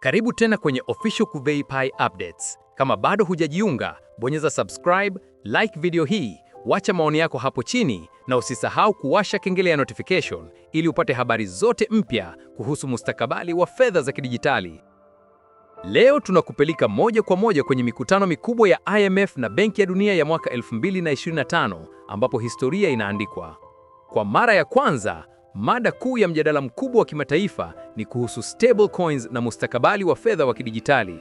Karibu tena kwenye Official Kuvei Updates. Kama bado hujajiunga, bonyeza subscribe, like video hii, wacha maoni yako hapo chini na usisahau kuwasha kengele ya notification ili upate habari zote mpya kuhusu mustakabali wa fedha za kidijitali. Leo tunakupeleka moja kwa moja kwenye mikutano mikubwa ya IMF na Benki ya Dunia ya mwaka 2025 ambapo historia inaandikwa. Kwa mara ya kwanza Mada kuu ya mjadala mkubwa wa kimataifa ni kuhusu stablecoins na mustakabali wa fedha wa kidijitali.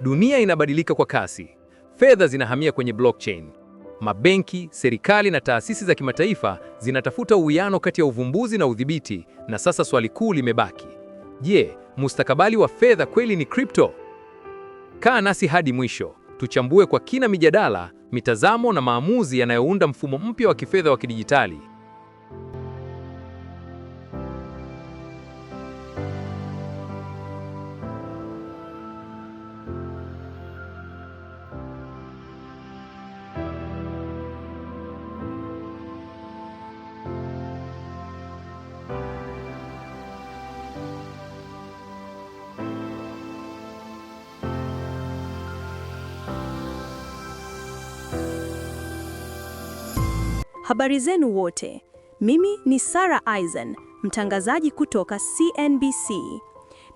Dunia inabadilika kwa kasi. Fedha zinahamia kwenye blockchain. Mabenki, serikali na taasisi za kimataifa zinatafuta uwiano kati ya uvumbuzi na udhibiti, na sasa swali kuu limebaki. Je, mustakabali wa fedha kweli ni crypto? Kaa nasi hadi mwisho. Tuchambue kwa kina mijadala, mitazamo na maamuzi yanayounda mfumo mpya wa kifedha wa kidijitali. Habari zenu wote, mimi ni Sara Eisen, mtangazaji kutoka CNBC.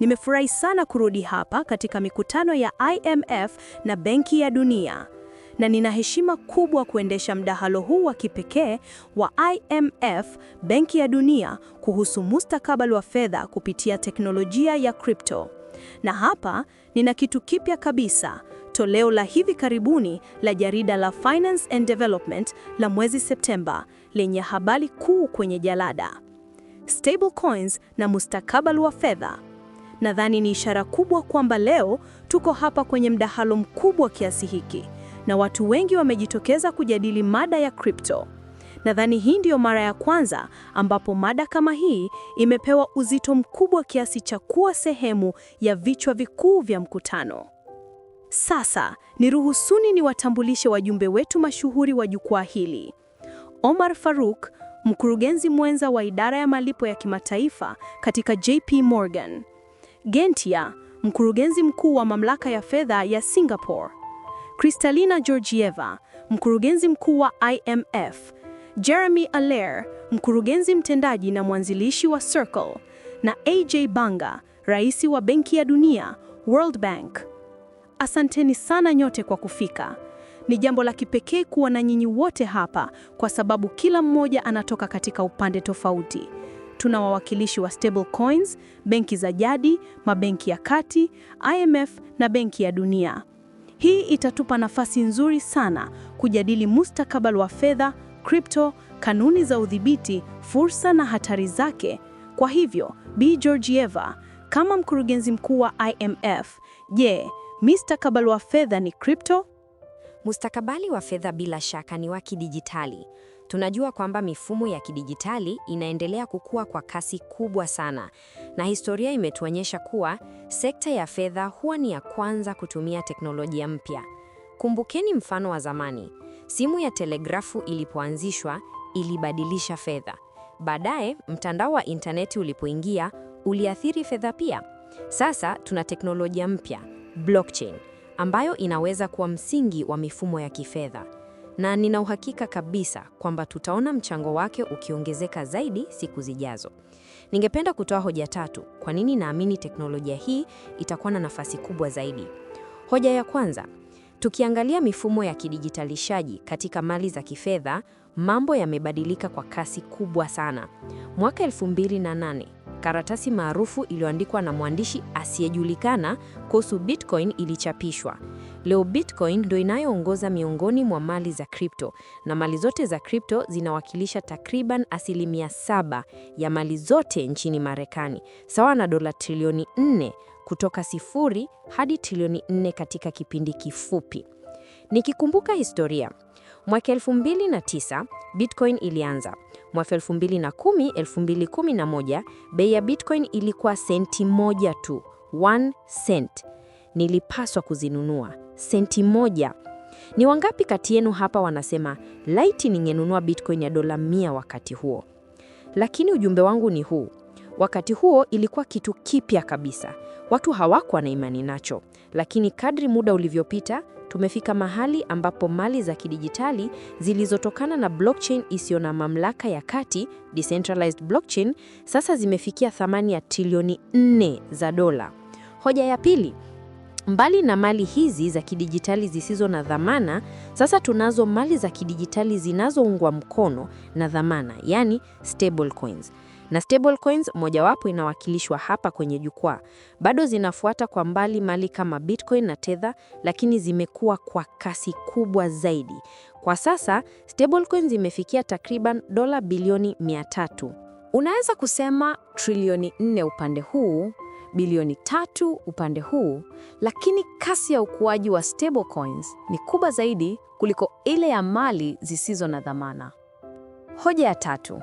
Nimefurahi sana kurudi hapa katika mikutano ya IMF na Benki ya Dunia, na nina heshima kubwa kuendesha mdahalo huu wa kipekee wa IMF Benki ya Dunia kuhusu mustakabali wa fedha kupitia teknolojia ya crypto. Na hapa nina kitu kipya kabisa toleo la hivi karibuni la jarida la Finance and Development la mwezi Septemba lenye habari kuu kwenye jalada: Stablecoins na mustakabali wa fedha. Nadhani ni ishara kubwa kwamba leo tuko hapa kwenye mdahalo mkubwa kiasi hiki na watu wengi wamejitokeza kujadili mada ya crypto. Nadhani hii ndiyo mara ya kwanza ambapo mada kama hii imepewa uzito mkubwa kiasi cha kuwa sehemu ya vichwa vikuu vya mkutano. Sasa niruhusuni niwatambulishe wajumbe wetu mashuhuri wa jukwaa hili. Omar Faruk, mkurugenzi mwenza wa idara ya malipo ya kimataifa katika JP Morgan. Gentia, mkurugenzi mkuu wa mamlaka ya fedha ya Singapore. Kristalina Georgieva, mkurugenzi mkuu wa IMF. Jeremy Allaire, mkurugenzi mtendaji na mwanzilishi wa Circle, na AJ Banga, rais wa Benki ya Dunia, World Bank. Asanteni sana nyote kwa kufika. Ni jambo la kipekee kuwa na nyinyi wote hapa kwa sababu kila mmoja anatoka katika upande tofauti. Tuna wawakilishi wa coins, benki za jadi, mabenki ya kati, IMF na Benki ya Dunia. Hii itatupa nafasi nzuri sana kujadili mustakabali wa fedha, kripto, kanuni za udhibiti, fursa na hatari zake. Kwa hivyo, Bi Georgieva, kama mkurugenzi mkuu wa IMF, je, Mustakabali wa fedha ni crypto? Mustakabali wa fedha bila shaka ni wa kidijitali. Tunajua kwamba mifumo ya kidijitali inaendelea kukua kwa kasi kubwa sana, na historia imetuonyesha kuwa sekta ya fedha huwa ni ya kwanza kutumia teknolojia mpya. Kumbukeni mfano wa zamani, simu ya telegrafu ilipoanzishwa ilibadilisha fedha. Baadaye mtandao wa intaneti ulipoingia uliathiri fedha pia. Sasa tuna teknolojia mpya blockchain ambayo inaweza kuwa msingi wa mifumo ya kifedha, na nina uhakika kabisa kwamba tutaona mchango wake ukiongezeka zaidi siku zijazo. Ningependa kutoa hoja tatu kwa nini naamini teknolojia hii itakuwa na nafasi kubwa zaidi. Hoja ya kwanza, tukiangalia mifumo ya kidijitalishaji katika mali za kifedha, mambo yamebadilika kwa kasi kubwa sana. Mwaka 2008 karatasi maarufu iliyoandikwa na mwandishi asiyejulikana kuhusu Bitcoin ilichapishwa. Leo Bitcoin ndio inayoongoza miongoni mwa mali za kripto, na mali zote za kripto zinawakilisha takriban asilimia saba ya mali zote nchini Marekani, sawa na dola trilioni 4 kutoka sifuri hadi trilioni 4 katika kipindi kifupi. Nikikumbuka historia, mwaka 2009 Bitcoin ilianza Mwaka 2010, 2011 bei ya Bitcoin ilikuwa senti moja tu, one cent. Nilipaswa kuzinunua senti moja. Ni wangapi kati yenu hapa wanasema laiti ningenunua Bitcoin ya dola mia wakati huo? Lakini ujumbe wangu ni huu. Wakati huo ilikuwa kitu kipya kabisa, watu hawakuwa na imani nacho, lakini kadri muda ulivyopita tumefika mahali ambapo mali za kidijitali zilizotokana na blockchain isiyo na mamlaka ya kati, decentralized blockchain, sasa zimefikia thamani ya trilioni 4 za dola. Hoja ya pili, mbali na mali hizi za kidijitali zisizo na dhamana, sasa tunazo mali za kidijitali zinazoungwa mkono na dhamana, yani stable coins na stablecoins mojawapo inawakilishwa hapa kwenye jukwaa. Bado zinafuata kwa mbali mali kama Bitcoin na Tether, lakini zimekuwa kwa kasi kubwa zaidi. Kwa sasa stablecoins zimefikia takriban dola bilioni 300. Unaweza kusema trilioni 4 upande huu, bilioni tatu upande huu, lakini kasi ya ukuaji wa stablecoins ni kubwa zaidi kuliko ile ya mali zisizo na dhamana. Hoja ya tatu.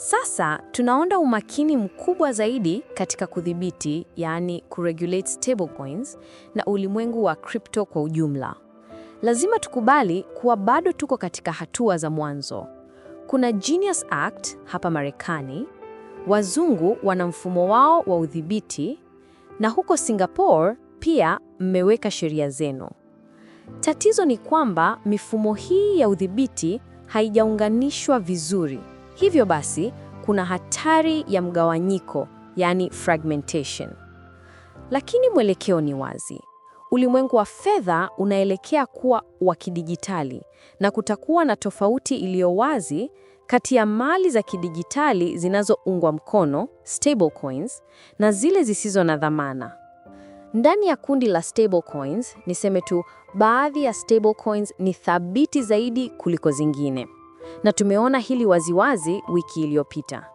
Sasa tunaona umakini mkubwa zaidi katika kudhibiti, yaani kuregulate stablecoins na ulimwengu wa crypto kwa ujumla. Lazima tukubali kuwa bado tuko katika hatua za mwanzo. Kuna Genius Act hapa Marekani, wazungu wana mfumo wao wa udhibiti, na huko Singapore pia mmeweka sheria zenu. Tatizo ni kwamba mifumo hii ya udhibiti haijaunganishwa vizuri. Hivyo basi kuna hatari ya mgawanyiko, yani fragmentation. Lakini mwelekeo ni wazi. Ulimwengu wa fedha unaelekea kuwa wa kidijitali na kutakuwa na tofauti iliyo wazi kati ya mali za kidijitali zinazoungwa mkono coins, na zile zisizo na dhamana. Ndani ya kundi la coins, niseme tu baadhi ya coins ni thabiti zaidi kuliko zingine na tumeona hili waziwazi wiki iliyopita.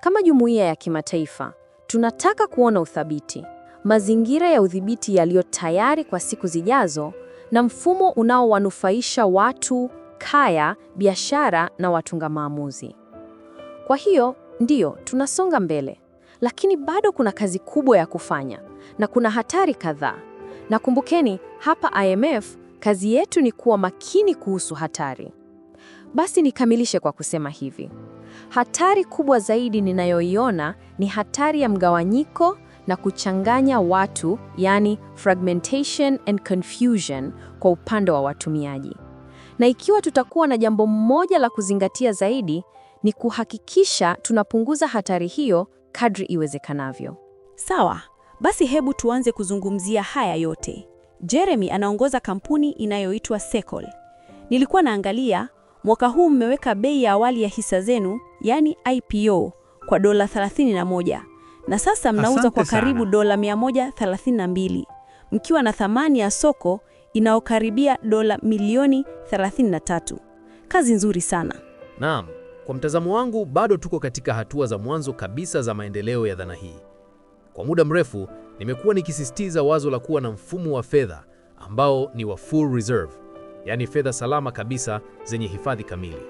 Kama jumuiya ya kimataifa, tunataka kuona uthabiti, mazingira ya udhibiti yaliyo tayari kwa siku zijazo na mfumo unaowanufaisha watu, kaya, biashara na watunga maamuzi. Kwa hiyo, ndiyo, tunasonga mbele, lakini bado kuna kazi kubwa ya kufanya na kuna hatari kadhaa. Na kumbukeni, hapa IMF kazi yetu ni kuwa makini kuhusu hatari. Basi nikamilishe kwa kusema hivi. Hatari kubwa zaidi ninayoiona ni hatari ya mgawanyiko na kuchanganya watu, yani fragmentation and confusion kwa upande wa watumiaji. Na ikiwa tutakuwa na jambo mmoja la kuzingatia zaidi, ni kuhakikisha tunapunguza hatari hiyo kadri iwezekanavyo. Sawa, basi hebu tuanze kuzungumzia haya yote. Jeremy anaongoza kampuni inayoitwa Secol. Nilikuwa naangalia Mwaka huu mmeweka bei ya awali ya hisa zenu, yani IPO, kwa dola 31 na sasa mnauza kwa karibu sana, dola 132 mkiwa na thamani ya soko inayokaribia dola milioni 33. Kazi nzuri sana. Naam, kwa mtazamo wangu bado tuko katika hatua za mwanzo kabisa za maendeleo ya dhana hii. Kwa muda mrefu nimekuwa nikisisitiza wazo la kuwa na mfumo wa fedha ambao ni wa full reserve yaani fedha salama kabisa zenye hifadhi kamili.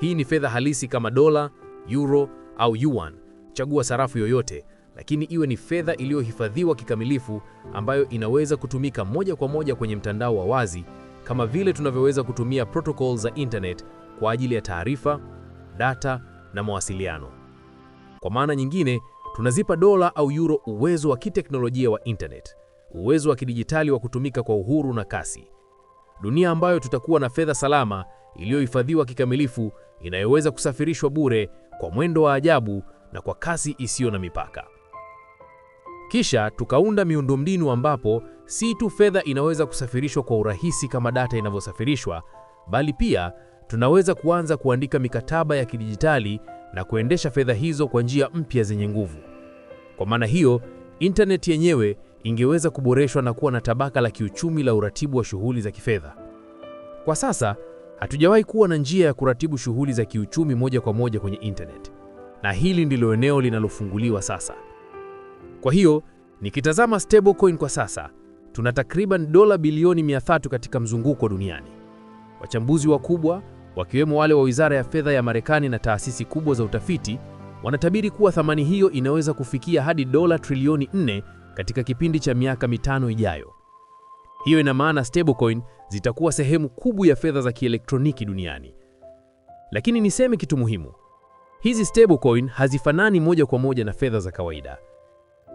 Hii ni fedha halisi kama dola, euro au yuan, chagua sarafu yoyote, lakini iwe ni fedha iliyohifadhiwa kikamilifu ambayo inaweza kutumika moja kwa moja kwenye mtandao wa wazi kama vile tunavyoweza kutumia protocol za internet kwa ajili ya taarifa, data na mawasiliano. Kwa maana nyingine, tunazipa dola au euro uwezo wa kiteknolojia wa internet, uwezo wa kidijitali wa kutumika kwa uhuru na kasi dunia ambayo tutakuwa na fedha salama iliyohifadhiwa kikamilifu, inayoweza kusafirishwa bure kwa mwendo wa ajabu na kwa kasi isiyo na mipaka. Kisha tukaunda miundombinu ambapo si tu fedha inaweza kusafirishwa kwa urahisi kama data inavyosafirishwa, bali pia tunaweza kuanza kuandika mikataba ya kidijitali na kuendesha fedha hizo kwa njia mpya zenye nguvu. Kwa maana hiyo, intaneti yenyewe ingeweza kuboreshwa na kuwa na tabaka la kiuchumi la uratibu wa shughuli za kifedha. Kwa sasa hatujawahi kuwa na njia ya kuratibu shughuli za kiuchumi moja kwa moja kwenye internet, na hili ndilo eneo linalofunguliwa sasa. Kwa hiyo nikitazama stablecoin kwa sasa, tuna takriban dola bilioni 300 katika mzunguko duniani. Wachambuzi wakubwa wakiwemo wale wa Wizara ya Fedha ya Marekani na taasisi kubwa za utafiti wanatabiri kuwa thamani hiyo inaweza kufikia hadi dola trilioni 4 katika kipindi cha miaka mitano ijayo. Hiyo ina maana stablecoin zitakuwa sehemu kubwa ya fedha za kielektroniki duniani. Lakini niseme kitu muhimu. Hizi stablecoin hazifanani moja kwa moja na fedha za kawaida.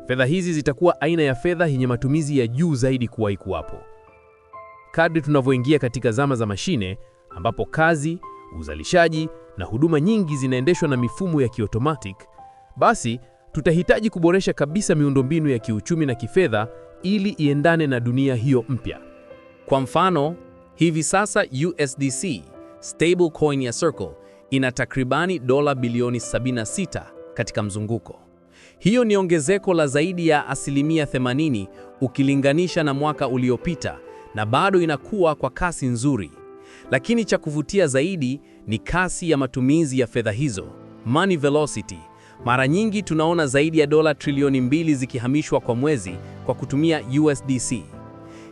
Fedha hizi zitakuwa aina ya fedha yenye matumizi ya juu zaidi kuwahi kuwapo. Kadri tunavyoingia katika zama za mashine ambapo kazi, uzalishaji na huduma nyingi zinaendeshwa na mifumo ya kiotomatic, basi tutahitaji kuboresha kabisa miundombinu ya kiuchumi na kifedha ili iendane na dunia hiyo mpya. Kwa mfano, hivi sasa USDC, coin ya Circle, ina takribani dola bilioni 76 katika mzunguko. Hiyo ni ongezeko la zaidi ya asilimia 80 ukilinganisha na mwaka uliopita na bado inakuwa kwa kasi nzuri. Lakini cha kuvutia zaidi ni kasi ya matumizi ya fedha hizo, money velocity mara nyingi tunaona zaidi ya dola trilioni mbili zikihamishwa kwa mwezi kwa kutumia USDC.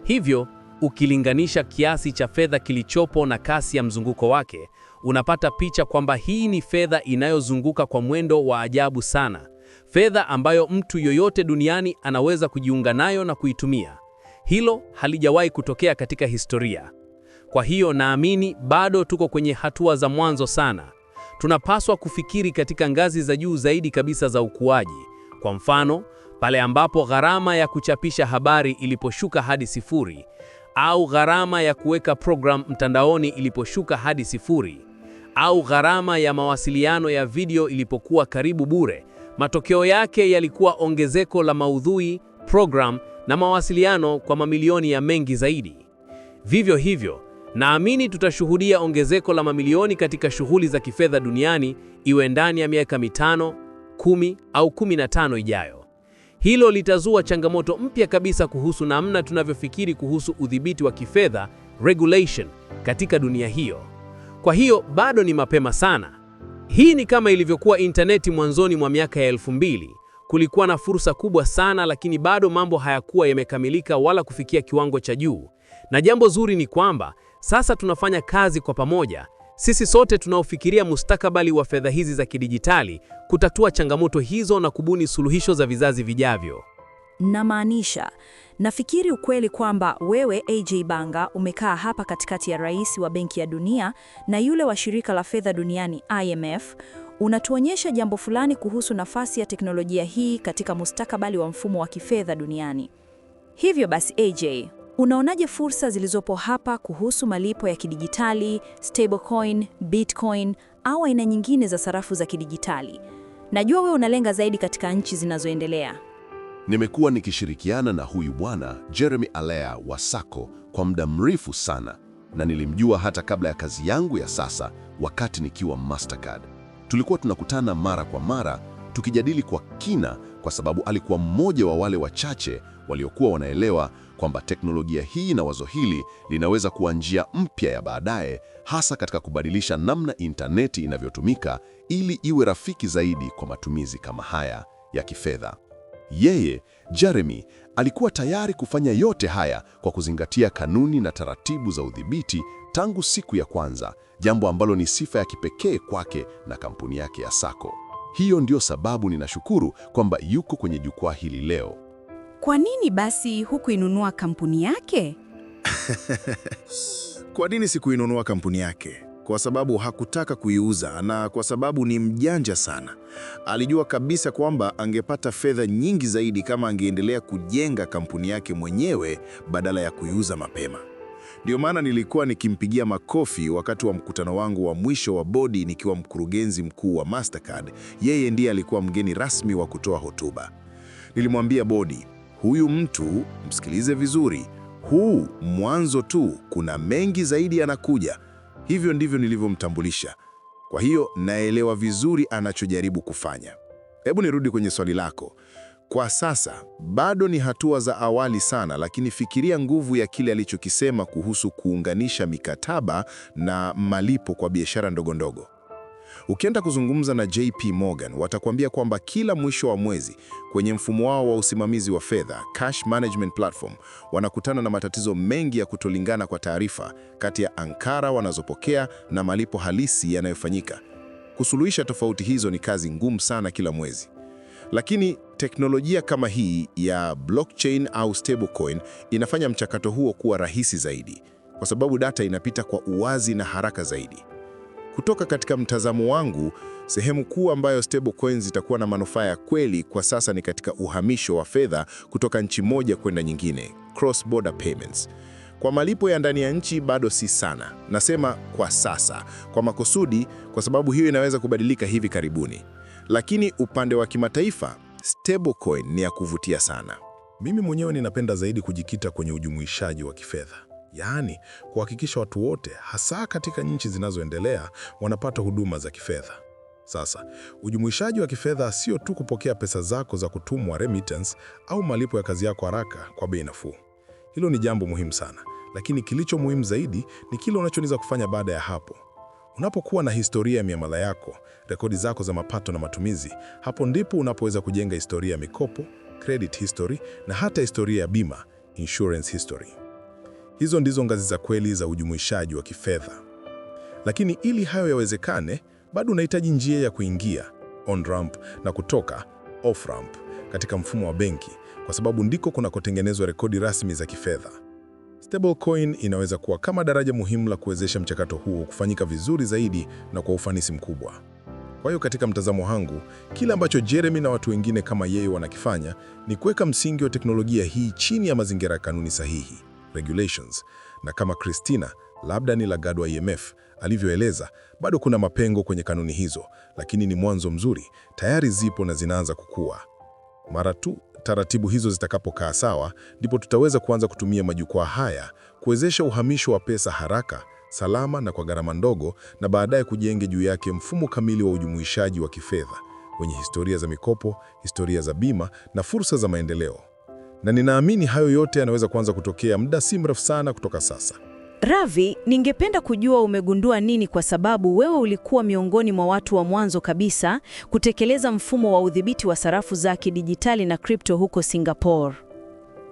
Hivyo, ukilinganisha kiasi cha fedha kilichopo na kasi ya mzunguko wake, unapata picha kwamba hii ni fedha inayozunguka kwa mwendo wa ajabu sana. Fedha ambayo mtu yoyote duniani anaweza kujiunga nayo na kuitumia. Hilo halijawahi kutokea katika historia. Kwa hiyo naamini bado tuko kwenye hatua za mwanzo sana tunapaswa kufikiri katika ngazi za juu zaidi kabisa za ukuaji. Kwa mfano, pale ambapo gharama ya kuchapisha habari iliposhuka hadi sifuri au gharama ya kuweka program mtandaoni iliposhuka hadi sifuri au gharama ya mawasiliano ya video ilipokuwa karibu bure, matokeo yake yalikuwa ongezeko la maudhui, program na mawasiliano kwa mamilioni ya mengi zaidi. Vivyo hivyo Naamini tutashuhudia ongezeko la mamilioni katika shughuli za kifedha duniani, iwe ndani ya miaka mitano, kumi au kumi na tano ijayo. Hilo litazua changamoto mpya kabisa kuhusu namna tunavyofikiri kuhusu udhibiti wa kifedha regulation katika dunia hiyo. Kwa hiyo bado ni mapema sana. Hii ni kama ilivyokuwa intaneti mwanzoni mwa miaka ya elfu mbili. Kulikuwa na fursa kubwa sana, lakini bado mambo hayakuwa yamekamilika wala kufikia kiwango cha juu. Na jambo zuri ni kwamba sasa tunafanya kazi kwa pamoja, sisi sote tunaofikiria mustakabali wa fedha hizi za kidijitali, kutatua changamoto hizo na kubuni suluhisho za vizazi vijavyo. Namaanisha, nafikiri ukweli kwamba wewe AJ Banga umekaa hapa katikati ya rais wa Benki ya Dunia na yule wa shirika la fedha duniani IMF, unatuonyesha jambo fulani kuhusu nafasi ya teknolojia hii katika mustakabali wa mfumo wa kifedha duniani. Hivyo basi AJ, Unaonaje fursa zilizopo hapa kuhusu malipo ya kidijitali, stablecoin, Bitcoin au aina nyingine za sarafu za kidijitali? Najua wewe unalenga zaidi katika nchi zinazoendelea. Nimekuwa nikishirikiana na huyu bwana Jeremy Alea wa Sako kwa muda mrefu sana na nilimjua hata kabla ya kazi yangu ya sasa wakati nikiwa Mastercard. Tulikuwa tunakutana mara kwa mara tukijadili kwa kina kwa sababu alikuwa mmoja wa wale wachache waliokuwa wanaelewa kwamba teknolojia hii na wazo hili linaweza kuwa njia mpya ya baadaye, hasa katika kubadilisha namna intaneti inavyotumika ili iwe rafiki zaidi kwa matumizi kama haya ya kifedha. Yeye Jeremy alikuwa tayari kufanya yote haya kwa kuzingatia kanuni na taratibu za udhibiti tangu siku ya kwanza, jambo ambalo ni sifa ya kipekee kwake na kampuni yake ya Sako. Hiyo ndio sababu ninashukuru kwamba yuko kwenye jukwaa hili leo. Kwa nini basi hukuinunua kampuni yake? Kwa nini sikuinunua kampuni yake? Kwa sababu hakutaka kuiuza na kwa sababu ni mjanja sana. Alijua kabisa kwamba angepata fedha nyingi zaidi kama angeendelea kujenga kampuni yake mwenyewe badala ya kuiuza mapema. Ndiyo maana nilikuwa nikimpigia makofi wakati wa mkutano wangu wa mwisho wa bodi nikiwa mkurugenzi mkuu wa Mastercard. Yeye ndiye alikuwa mgeni rasmi wa kutoa hotuba. Nilimwambia bodi, huyu mtu msikilize vizuri, huu mwanzo tu, kuna mengi zaidi yanakuja. Hivyo ndivyo nilivyomtambulisha. Kwa hiyo naelewa vizuri anachojaribu kufanya. Hebu nirudi kwenye swali lako. Kwa sasa bado ni hatua za awali sana, lakini fikiria nguvu ya kile alichokisema kuhusu kuunganisha mikataba na malipo kwa biashara ndogondogo. Ukienda kuzungumza na JP Morgan watakuambia kwamba kila mwisho wa mwezi kwenye mfumo wao wa usimamizi wa fedha, cash management platform, wanakutana na matatizo mengi ya kutolingana kwa taarifa kati ya ankara wanazopokea na malipo halisi yanayofanyika. Kusuluhisha tofauti hizo ni kazi ngumu sana kila mwezi, lakini Teknolojia kama hii ya blockchain au stablecoin inafanya mchakato huo kuwa rahisi zaidi, kwa sababu data inapita kwa uwazi na haraka zaidi. Kutoka katika mtazamo wangu, sehemu kuu ambayo stablecoins zitakuwa na manufaa ya kweli kwa sasa ni katika uhamisho wa fedha kutoka nchi moja kwenda nyingine, cross border payments. Kwa malipo ya ndani ya nchi bado si sana, nasema kwa sasa kwa makusudi, kwa sababu hiyo inaweza kubadilika hivi karibuni. Lakini upande wa kimataifa Stablecoin ni ya kuvutia sana. Mimi mwenyewe ninapenda zaidi kujikita kwenye ujumuishaji wa kifedha, yaani kuhakikisha watu wote, hasa katika nchi zinazoendelea, wanapata huduma za kifedha. Sasa, ujumuishaji wa kifedha sio tu kupokea pesa zako za kutumwa remittance, au malipo ya kazi yako haraka kwa bei nafuu. Hilo ni jambo muhimu sana, lakini kilicho muhimu zaidi ni kile unachoweza kufanya baada ya hapo. Unapokuwa na historia ya miamala yako, rekodi zako za mapato na matumizi, hapo ndipo unapoweza kujenga historia ya mikopo, credit history na hata historia ya bima, insurance history. Hizo ndizo ngazi za kweli za ujumuishaji wa kifedha. Lakini ili hayo yawezekane, bado unahitaji njia ya kuingia on ramp na kutoka off ramp katika mfumo wa benki, kwa sababu ndiko kunakotengenezwa rekodi rasmi za kifedha. Stablecoin inaweza kuwa kama daraja muhimu la kuwezesha mchakato huo kufanyika vizuri zaidi na kwa ufanisi mkubwa. Kwa hiyo katika mtazamo wangu, kile ambacho Jeremy na watu wengine kama yeye wanakifanya ni kuweka msingi wa teknolojia hii chini ya mazingira ya kanuni sahihi, regulations, na kama Christina labda ni Lagarde wa IMF e alivyoeleza, bado kuna mapengo kwenye kanuni hizo, lakini ni mwanzo mzuri, tayari zipo na zinaanza kukua. Mara tu taratibu hizo zitakapokaa sawa, ndipo tutaweza kuanza kutumia majukwaa haya kuwezesha uhamisho wa pesa haraka, salama na kwa gharama ndogo, na baadaye kujenge juu yake mfumo kamili wa ujumuishaji wa kifedha wenye historia za mikopo, historia za bima na fursa za maendeleo. Na ninaamini hayo yote yanaweza kuanza kutokea muda si mrefu sana kutoka sasa. Ravi, ningependa kujua umegundua nini kwa sababu wewe ulikuwa miongoni mwa watu wa mwanzo kabisa kutekeleza mfumo wa udhibiti wa sarafu za kidijitali na kripto huko Singapore.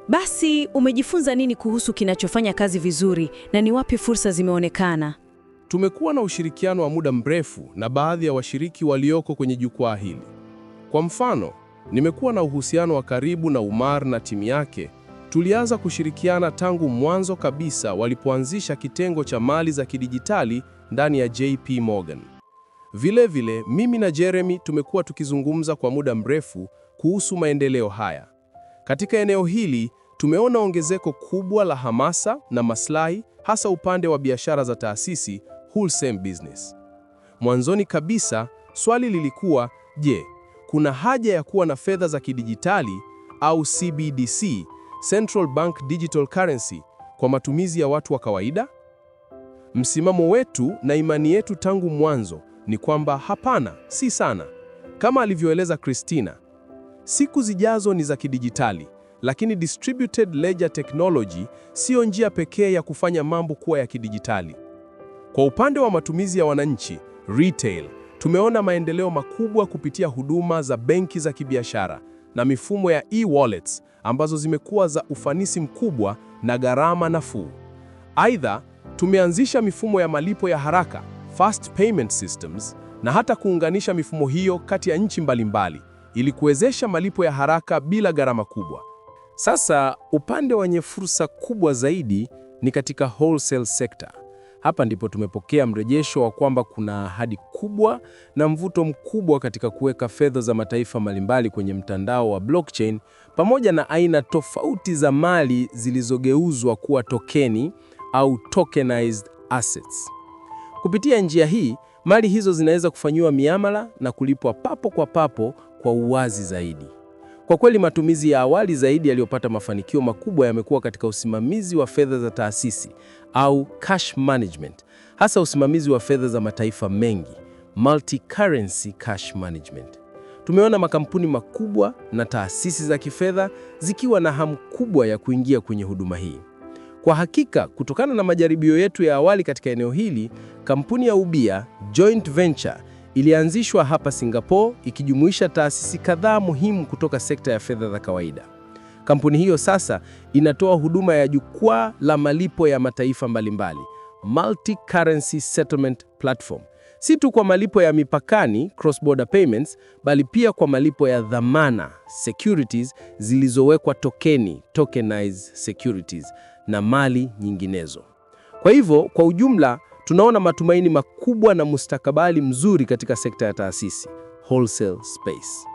Basi umejifunza nini kuhusu kinachofanya kazi vizuri na ni wapi fursa zimeonekana? Tumekuwa na ushirikiano wa muda mrefu na baadhi ya washiriki walioko kwenye jukwaa hili. Kwa mfano, nimekuwa na uhusiano wa karibu na Umar na timu yake Tulianza kushirikiana tangu mwanzo kabisa walipoanzisha kitengo cha mali za kidijitali ndani ya JP Morgan. Vilevile vile, mimi na Jeremy tumekuwa tukizungumza kwa muda mrefu kuhusu maendeleo haya. Katika eneo hili tumeona ongezeko kubwa la hamasa na maslahi hasa upande wa biashara za taasisi wholesale business. Mwanzoni kabisa swali lilikuwa je, kuna haja ya kuwa na fedha za kidijitali au CBDC Central Bank Digital Currency kwa matumizi ya watu wa kawaida? Msimamo wetu na imani yetu tangu mwanzo ni kwamba hapana, si sana. Kama alivyoeleza Christina, siku zijazo ni za kidijitali, lakini distributed ledger technology siyo njia pekee ya kufanya mambo kuwa ya kidijitali. Kwa upande wa matumizi ya wananchi, retail, tumeona maendeleo makubwa kupitia huduma za benki za kibiashara na mifumo ya e-wallets ambazo zimekuwa za ufanisi mkubwa na gharama nafuu. Aidha, tumeanzisha mifumo ya malipo ya haraka, fast payment systems, na hata kuunganisha mifumo hiyo kati ya nchi mbalimbali ili kuwezesha malipo ya haraka bila gharama kubwa. Sasa upande wenye fursa kubwa zaidi ni katika wholesale sector. Hapa ndipo tumepokea mrejesho wa kwamba kuna ahadi kubwa na mvuto mkubwa katika kuweka fedha za mataifa mbalimbali kwenye mtandao wa blockchain, pamoja na aina tofauti za mali zilizogeuzwa kuwa tokeni au tokenized assets. Kupitia njia hii, mali hizo zinaweza kufanyiwa miamala na kulipwa papo kwa papo kwa uwazi zaidi. Kwa kweli matumizi ya awali zaidi yaliyopata mafanikio makubwa yamekuwa katika usimamizi wa fedha za taasisi au cash management, hasa usimamizi wa fedha za mataifa mengi, multi-currency cash management. Tumeona makampuni makubwa na taasisi za kifedha zikiwa na hamu kubwa ya kuingia kwenye huduma hii. Kwa hakika, kutokana na majaribio yetu ya awali katika eneo hili, kampuni ya ubia joint venture ilianzishwa hapa Singapore ikijumuisha taasisi kadhaa muhimu kutoka sekta ya fedha za kawaida. Kampuni hiyo sasa inatoa huduma ya jukwaa la malipo ya mataifa mbalimbali, multi-currency settlement platform, si tu kwa malipo ya mipakani, cross border payments, bali pia kwa malipo ya dhamana, securities zilizowekwa tokeni, tokenized securities na mali nyinginezo. Kwa hivyo, kwa ujumla tunaona matumaini makubwa na mustakabali mzuri katika sekta ya taasisi wholesale space.